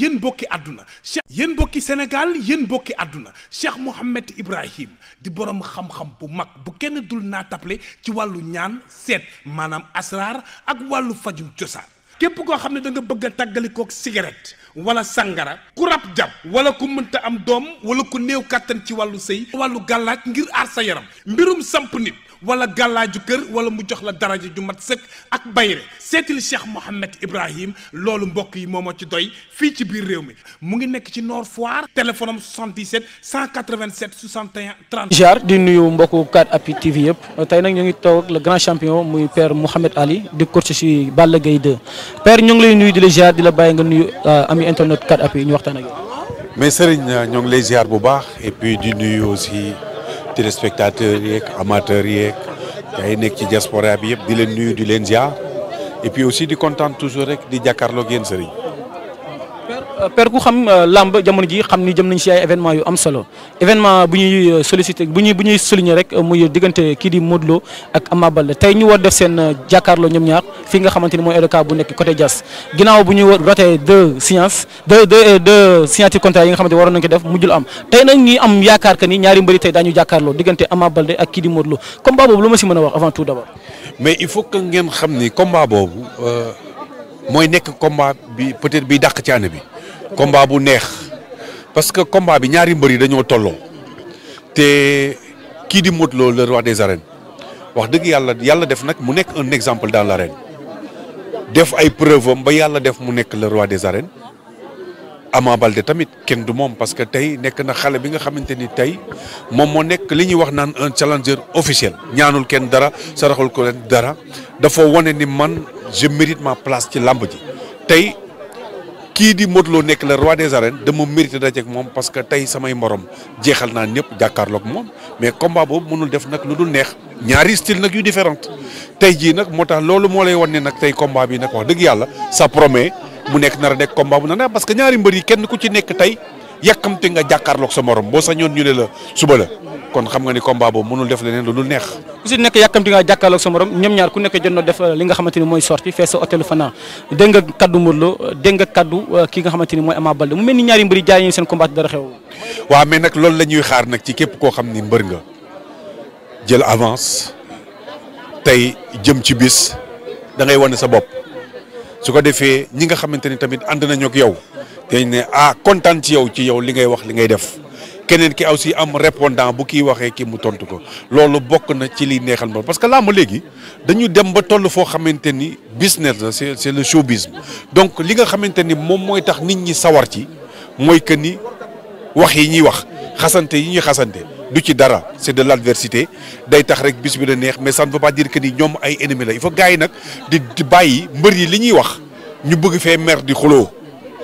yéen bokki àdduna cheikh yéen bokki Sénégal yéen bokki àdduna cheikh Mouhamed Ibrahim di borom xam-xam bu mag bu kenn dul naa taple ci wàllu ñaan seet maanaam asraar ak wàllu fajum cosaan képp koo xam ne da nga bëgg a tàggalikook cigarette wala sangara ku rab jàpp wala ku mënta am doom wala ku néew kàttan ci wàllu sëy wàllu gàllaaj ngir aar sa yaram mbirum samp nit wala gàllaaju kër wala mu jox la daraja ju mat sëkk ak bayre seetil Cheikh Mouhamed Ibrahim loolu mbokk yi moo ma ci doy fii ci biir réew mi mu ngi nekk ci noor Foire téléphone am 77 187 61 30. jaar di nuyu mbokku 4appuis TV yëpp tey nag ñoo ngi toog ak le grand champion muy père Mouhamed Ali di coach ci Balla Gaye 2 père ñoo ngi lay nuyu di la jaar di la bàyyi nga nuyu euh, ami internet 4appuis ñu waxtaan ak yow. mais Serigne ñoo ngi lay ziar bu baax et puis di nuyu téléspectateurs yeeg amateurs yeeg gars yi nekk ci diaspora bi yëpp di leen nuyu di leen ziar et aussi di kontaan toujours rek di jàkkaarloog yéen sëriñ per ku xam euh, làmb jamono ji xam ni jëm nañ si ay événement yu am solo événement bu ñuy euh, sollicité bu ñuy bu ñuy souligner rek euh, muy diggante kii di Modou ak Ama Baldé tey ñu war def seen jàkkaarloo ñoom ñaar fi nga xamante ni mooy RDK bu nekk coté Diass ginnaaw bu ñu rotee deux sciences deux deux deux signature contrat yi nga xamante waroon nañ ko def mujjul am tey nag ñi am yaakaar que ni ñaari mbëri tey daañu jàkkaarloo diggante Ama Baldé ak kii di Modou Lo combat boobu lu ma si a wax avant tout d'abord mais il faut que ngeen boobu mooy nekk combat bi peut-être bi ci année bi combat bu neex parce que combat bi ñaari mbër yi dañoo tolloo te kii di Modou Lo le roi des arènes wax dëgg yàlla yàlla def nag mu nekk un exemple dans l'arène def ay preuve am ba yàlla def mu nekk le roi des arènes Ama Baldé tamit kenn du moom parce que tey nekk na xale bi nga xamante ni tey moom moo nekk li ñuy wax naan un challenger officiel ñaanul kenn dara saraxul ko dara dafa wane ni man je mérite place ci làmb ji kii di Modou Lo nekk le roi des arènes dama mérité dajeek moom parce que tey samay morom jeexal naa ñëpp jàkkaarloog moom mais combat boobu mënul def nag lu dul neex ñaari style nag yu différente tey jii nag moo tax loolu moo lay wan ne nag tey combat bi nag wax dëgg yàlla ça promet mu nekk nar a nekk combat bu na neex parce que ñaari mbër yi kenn ku ci nekk tey yàkkamte nga jàkkaarloog sa morom boo sañoon ñu ne la suba la. kon xam nga ni combat boobu mënul def leneen lu dul neex ku si nekk yàkkamti ngaa jàkkaarloo ak sa morom ñoom ñaar ku nekk jot na def uh, li nga xamante ni mooy sorti fee sa hôtelu Fana dégg Lo dégg nga kaddu uh, ki nga xamante ni mooy Ama Baldé mu mel ni ñaari mbëri jaay ñu seen combat dara xew waaw mais nag loolu la ñuy xaar nag ci képp koo xam ni mbër nga jël avance tey jëm ci bis da ngay wane sa bopp su ko defee ñi nga xamante ni tamit ànd nañu ak yow dañ ne ah kontaan ci yow ci yow li ngay wax li ngay def keneen ki si am répondant bu kii waxee ki mu tontu ko loolu bokk na ci liy neexal ma parce que làmb léegi dañu dem ba toll foo xamante ni business la c'est c'est le showbiz donc li nga xamante ni moom mooy tax nit ñi sawar ci mooy que ni wax yi ñuy wax xasante yi ñuy xasante du ci dara c'est de l'adversité day tax rek bis bi la neex mais ça ne veut pas dire que ni ñoom ay ennemis la il faut gars nag di di bàyyi mbër yi li ñuy wax ñu bëgg fee mer di xuloo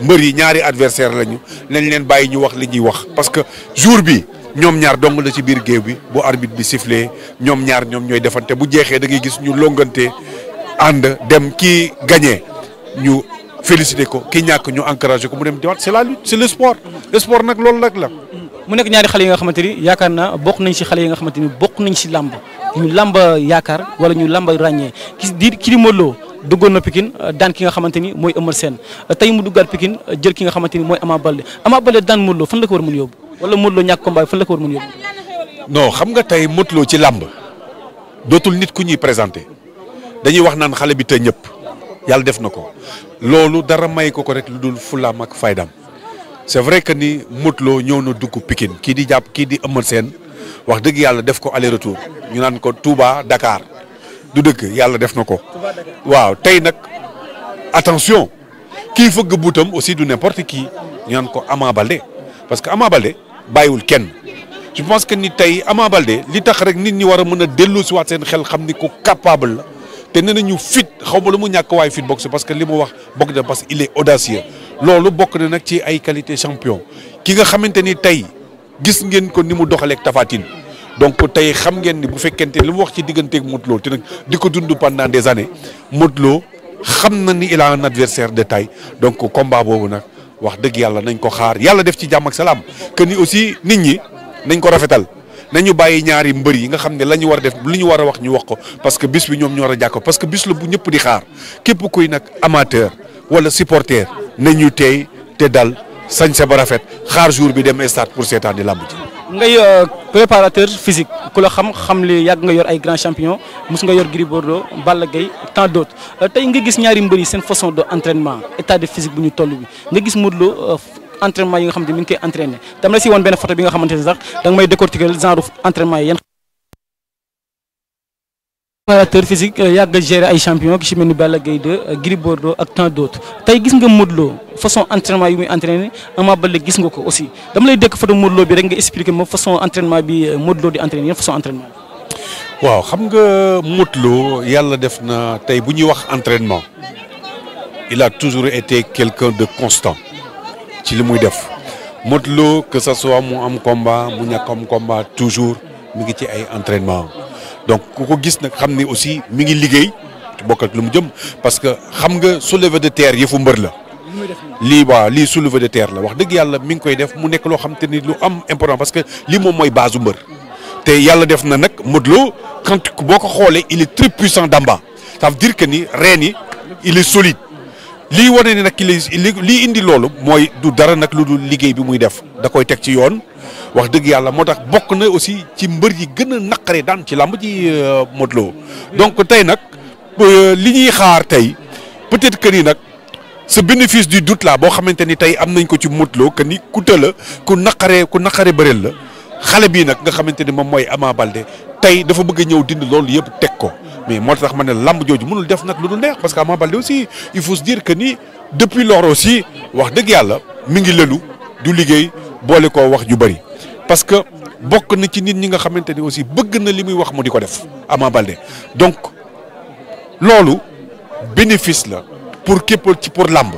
mbër yi ñaari adversaire lañu nañ leen bàyyi ñu wax li ñuy wax parce que jour bi ñoom ñaar dong la ci biir géew bi bu arbitre bi sifflé ñoom ñaar ñoom ñooy defante bu jeexee dangay gis ñu longante ànd dem ki gagné ñu félicité ko kii ñàkk ñu encouragé ko mu dem diwaat c'est la lutte c'est le sport le sport nag loolu nag la. mu nekk ñaari xale yi nga xamante ni yaakaar naa bokk nañ si xale yi nga xamante ni bokk nañ si làmb ñu làmb yaakaar wala ñu làmb ràññee ki di ki di Modou duggoon na pikin euh, daan ki nga xamante ni mooy Eumeu Sène euh, tey mu duggaat Pikine euh, jël ki nga xamante ni mooy Ama Baldé Ama Baldé daan Modou Lô fan la ko war mën yóbbu wala Modou Lô ñàkk combat fan la ko war mën non xam nga tey Modou ci làmb dootul nit ku ñuy présenté dañuy wax naan xale bi te ñëpp yàlla def na ko loolu dara may ko ko rek lu dul fulaam ak faydam c'est vrai que ni Modou ñëw na dugg Pikine kii di jàpp kii di Eumeu seen wax dëgg yàlla def ko aller retour ñu naan ko Touba dakaar du dëkk yàlla def na ko waaw tey nag attention kii fëgg buutam aussi du n'importe qui ñu naan ko Ama Baldé parce que Ama Baldé bàyyiwul kenn je pense que ni tey Ama Baldé li tax rek nit ñi war a mën a dellu si seen xel xam ni ku capable la te nee ñu fit xaw ma lu mu ñàkk waaye fit si parce que li mu wax bokk na parce que il est audacieux loolu bokk na nag ci ay qualité champion ki nga xamante ni tey gis ngeen ko ni mu doxaleeg Tapha Tine donc tey xam ngeen ni bu fekkente li mu wax ci digganteeg Modou Lo te nag di ko dund pendant des années Modou Lo xam na ni il a un adversaire de taille donc combat boobu nag wax dëgg yàlla nañ ko xaar yàlla def ci jàmm ak salaam que ni aussi nit ñi nañ ko rafetal nañu bàyyi ñaari mbër yi nga xam ne la ñu war a def lu ñu war a wax ñu wax ko parce que bis bi ñoom ñoo war a jàkko parce que bis la bu ñëpp di xaar képp kuy nag amateur wala supporter nañu teey te dal sañ sa ba rafet xaar jour bi dem stade pour seetaan di làmb ji ngay euh, préparateur physique ku la xam xam li yàgg nga yor ay grand champion mos nga yor gri Bordeaux Balla Gaye tant d'autres euh, tey nga gis ñaari mbër yi seen façon de entraînement état de physique bu ñu toll bi nga gis Modou Lo euh, yi nga xam ne mi ngi koy entraîné dama si woon benn photo bi nga xamante sax danga may décortiquer genre entraînement yi préparateur physique euh, yàgg a gérer ay champion ki ci mel ni Balla Gaye 2 euh, Gris Bordeaux ak tant d'autres tey gis nga Modou façon entraînement yi muy entraîné Ama bale gis nga ko aussi dama lay dëkk photo Modou bi rek nga expliquer ma façon entraînement bi euh, Modou Lo di entraîné yan façon entraînement bi. waaw xam nga Modou yàlla def na tey bu ñuy wax entraînement il a toujours été quelqu'un de constant ci li muy def Modou Lo que mu am combat mu ñàkk am combat toujours mu ngi ci ay entraînement donc ku ko gis nag xam ni aussi mi ngi liggéey ci bokk ak lu mu jëm parce que xam nga soulevé de terre yëfu mbër la. lii waaw lii soulevé de terre la wax dëgg yàlla mi ngi koy def mu nekk loo xam te ni lu am important parce que lii moom mooy base u mbër. te yàlla def na nag Modou Lo quand boo ko xoolee il est très puissant d'en bas ça veut dire que ni reen yi il est solide. lii wane ni nag ki li lii indi loolu mooy du dara nag lu dul liggéey bi muy def da koy teg ci yoon wax dëgg yàlla moo tax bokk na aussi ci mbër yi gën a naqare daan ci làmb ci euh, Modou Lo donc tey nag euh, li ñuy xaar tey peut-être que ni nag sa bénéfice du doute la boo xamante ni tey am nañ ko ci Modou Lo que ni ku tëla ku naqaree ku naqare bëreel la xale bii nag nga xamante ni moom mooy Ama Baldé tey dafa bëgg a ñëw dindi loolu yëpp teg ko mais moo tax ma ne làmb jooju mënul def nag lu du neex parce que Ama Baldé aussi il faut se dire que ni depuis lors aussi wax dëgg yàlla mi ngi lëlu du liggéey boole koo wax ju bëri parce que bokk na ci nit ñi nga xamante ni aussi bëgg na li muy wax mu di ko def Ama Baldé donc loolu bénéfice la pour képp ci pour làmb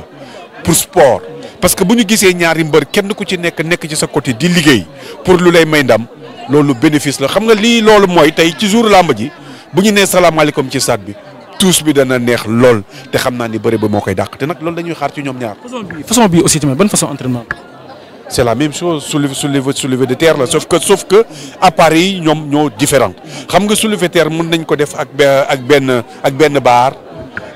pour sport parce que bu ñu gisee ñaari mbër kenn ku ci nekk nekk ci sa côté di liggéey pour lu lay may ndam loolu bénéfice la xam nga lii loolu mooy tey ci jour làmb ji bu ñu nee salaamaaleykum ci stade bi tous bi dana neex lool te xam naa ni bëri ba moo koy dàq te nag loolu dañuy xaar ci ñoom ñaar. façon bi façon bi aussi tamit ban façon entraînement c' est la même chose soulever soulever soulever de terre la sauf que sauf que yi ñoom ñoo différent xam nga soulever terre mën nañ ko def ak ak benn ak benn baar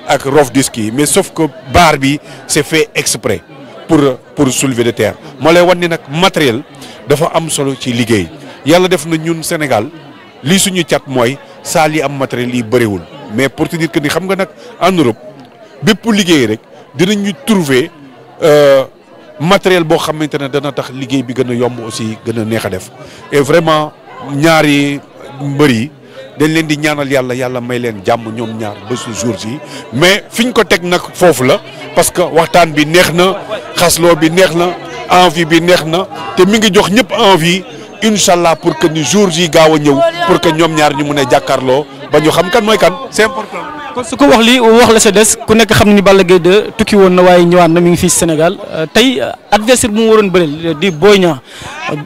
ak rof disque yi mais sauf que baar bi c' fait exprès pour pour soulever de terre moo lay nag matériel dafa am solo ci liggéey. yàlla def na ñun Sénégal lii suñu cat mooy saa li am matériel yi bëriwul mais pour te dire que ni xam nga nag en Europe bépp liggéey rek ñu trouver euh, matériel boo xamante ne dana tax liggéey bi gën a yomb aussi gën a neex a def et vraiment ñaari mbër yi dañ leen di ñaanal yàlla yàlla may leen jàmm ñoom ñaar ba su jour si mais fi ñu ko teg nag foofu la parce que waxtaan bi neex na xasloo bi neex na envie bi neex na te mi ngi jox ñëpp envie incha allah pour que ni jour ji gaaw a ñëw pour que ñoom ñaar ñu mun a jàkkaarloo ba ñu xam kan mooy kan su ko wax lii wax la sa des ku nekk xam ni Balla Gaye 2 tukki woon na waaye ñëwaat na mi ngi fii Sénégal euh, tey euh, adversaire bu mu waroon bëreel euh, di Boy Niang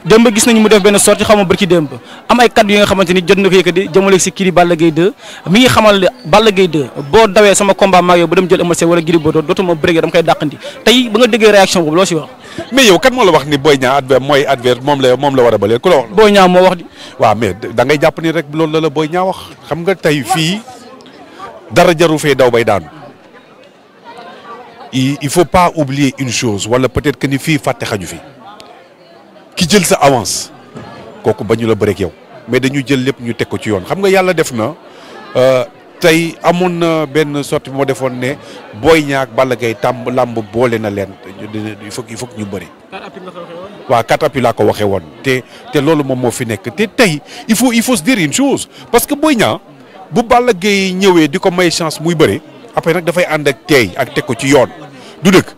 démb gis nañu mu def benn sortie xaw ma bërki démb am ay kaddu yi nga xamante ni si kii di Balla Gaye 2 ngi xamal ne Balla Gaye boo dawee sama combat maag yow ba dem jël Eumeu Sène wala Gris dootuma bërégee dama koy dàqandi tey ba nga déggee réaction boobu mais yow kan moo la wax ni booy ñaar adver mooy adver moom la moom la war a bële ku la wax. Boy Niang moo wax di. waaw mais da jàpp ni rek loolu la la Boy Niang wax xam nga tey fii dara jaru fee daw bay daanu il faut pas oublier une chose wala peut-être que ni fii fàtte xaju fi ki jël sa avance kooku ba ñu la bëreeg yow mais dañu jël lépp ñu teg ko ci yoon xam nga yàlla def na. Euh, tey amoon na benn sortie moo defoon ne booy Niang ak Balla Gaye tàmb làmb boole na leen il faut il faut ñu bëri. waaw quatre appuis ko waxee woon te te loolu moom moo fi nekk tey il faut il faut se dire chose parce que booy Niang bu Balla Gaye ñëwee di ko may chance muy bëri après nag dafay ànd ak teey ak teg ko ci yoon du dëkk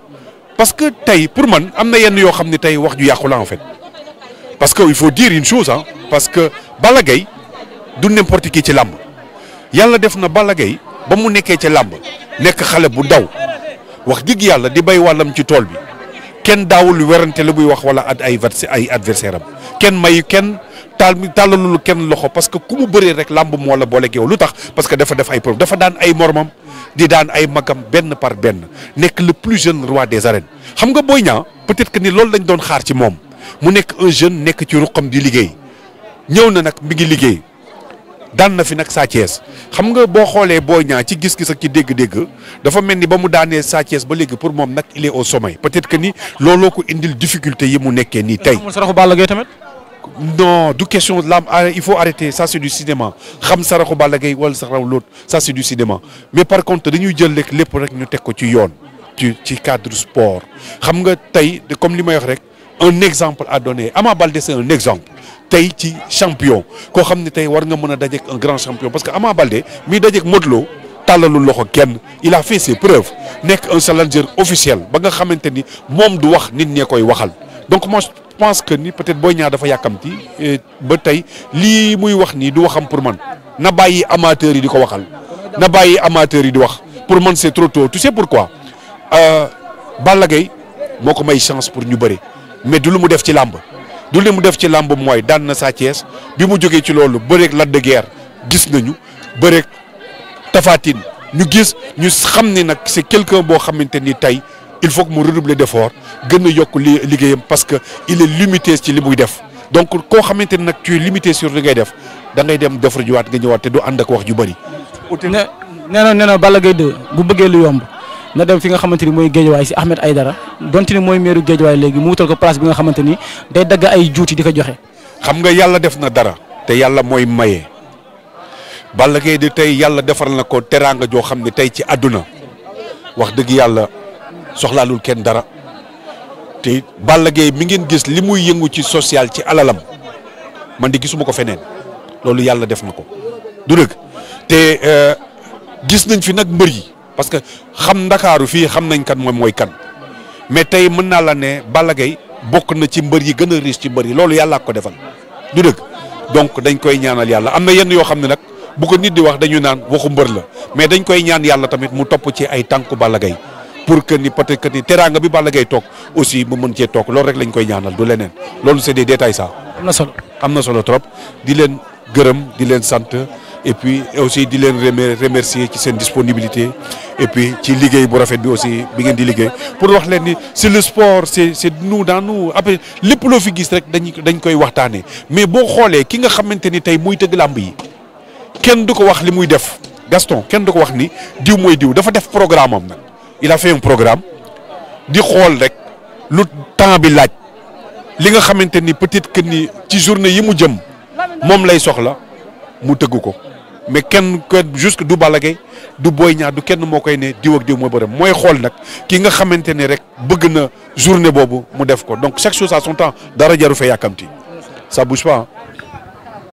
parce que tey pour man am na yenn yoo xam ne tey wax ju yàqu la en parce que il faut dire une chose ah parce que Balla Gaye du n'importe kii ci làmb yàlla def na ba Gaye ba mu nekkee ci làmb nekk xale bu daw wax dëgg yàlla di bay wàllam ci tool bi kenn daawul werante la buy wax wala at ay ay adversaire am kenn may kenn taal lu kenn loxo parce que ku mu bëree rek làmb moo la yow lu tax parce que dafa def ay preuve dafa daan ay moromam di daan ay magam benn par benn nekk le plus jeune roi des arènes xam nga Boy Niang être que ni loolu lañ doon xaar ci moom mu nekk un jeune nekk ci ruqam di liggéey ñëw na nag mi ngi liggéey. daan na fi nag Sa xam nga boo xoolee boo ñaar ci gis-gis ak ci dégg-dégg dafa mel ni ba mu daanee Sa Thiès ba léegi pour moom nag il est au sommet peut-être que ni looloo ko indil difficulté yi mu nekkee nii tey. non du question là ah, il faut arrêter ça c'est du cinéma xam saraxu Balla Gaye wala saraxu l'autre ça c'est du cinéma mais par contre dañuy jël rek lépp rek ñu teg ko ci yoon ci ci cadre sport xam nga tey comme li may wax rek un exemple à donner Ama Baldé c'est un exemple tey ci champion koo xam ne tey war nga mën a dajeek un grand champion parce que Ama Baldé mi dajeek Modou Lo loxo kenn il a fait ses preuves nekk un challenger officiel ba nga xamante ni moom du wax nit ñee koy waxal donc moi je pense que ni peut-être Boy Niang dafa yàkkamti ba tey lii muy wax nii du waxam pour man na bàyyi amateur yi di ko waxal na bàyyi amateurs yi di wax pour man c'est trop tôt tu sais pourquoi euh, Balla Gaye moo ko may chance pour ñu bëri mais lu mu def ci làmb du li mu def ci làmb mooy daan na Sa bi mu jógee ci loolu bëreeg Lac de gis nañu bëreeg Tapha Tine ñu gis ñu xam ni nag c'est quelqu'un boo xamante ni tey il faut que mu redoubler d'effort gën a yokk liggéeyam parce que il est limité ci li muy def donc koo xamante ni nag tu es limité sur li ngay def da ngay dem defar juwaat nga ñëwaat te du ànd ak wax ju bëri. nee na nee na bala Gaye 2 bu bëggee lu yomb. na dem fi nga xamante ni mooy géejawaay si Ahmed Aidara donte ni mooy meeru géejawaay léegi mu wutal ko place bi nga xamante ni day dagg ay juuti di ko joxe. xam nga yàlla def na dara. te yàlla mooy maye. Balla di tey yàlla defar na ko teraanga joo xam ne tey ci àdduna wax dëgg yàlla soxlaalul kenn dara te Balla Gaye mi ngeen gis li muy yëngu ci social ci alalam man di gisuma ko feneen loolu yàlla def na ko du dëgg te euh, gis nañ fi nag mbër yi parce que xam ndakaaru fii xam nañ kan moom mooy kan mais tey mën naa la ne bala Gaye bokk na ci mbër yi gën a riche ci mbër yi loolu yàlla ko defal du dëgg donc dañ koy ñaanal yàlla am na yenn yoo xam ne nag bu ko nit di wax dañu naan waxu mbër la mais dañ koy ñaan yàlla tamit mu topp ci ay tànku Balla Gaye pour que ni peut-être que ni teraanga bi bala Gaye toog aussi mu mën cee toog loolu rek lañ koy ñaanal du leneen loolu c'est des détails ça. am na solo am na solo trop di leen gërëm di leen sant. et puis aussi di leen remercier ci seen disponibilité et puis ci liggéey bu rafet bi aussi bi ngeen di liggéey pour wax leen ni c'est le sport c'est c'est nous dans nous après lépp loo fi gis rek dañ dañ koy waxtaanee mais boo xoolee ki nga xamante ni tey muy tëgg làmb yi kenn du ko wax li muy def Gaston kenn du ko wax ni diw mooy diw dafa def programme am nag il a fait programme di xool rek lu temps bi laaj li nga xamante ni peut-être que ni ci journée yi mu jëm moom lay soxla mu tëgg ko mais kenn ku jusque du Balla Gaye du Boy Niang du kenn moo koy ne diw ak diw mooy bëre mooy xool nag ki nga xamante ne rek bëgg na journée boobu mu def ko donc chaque chose à son temps dara jaru fee yàkkamti ça bouge pas.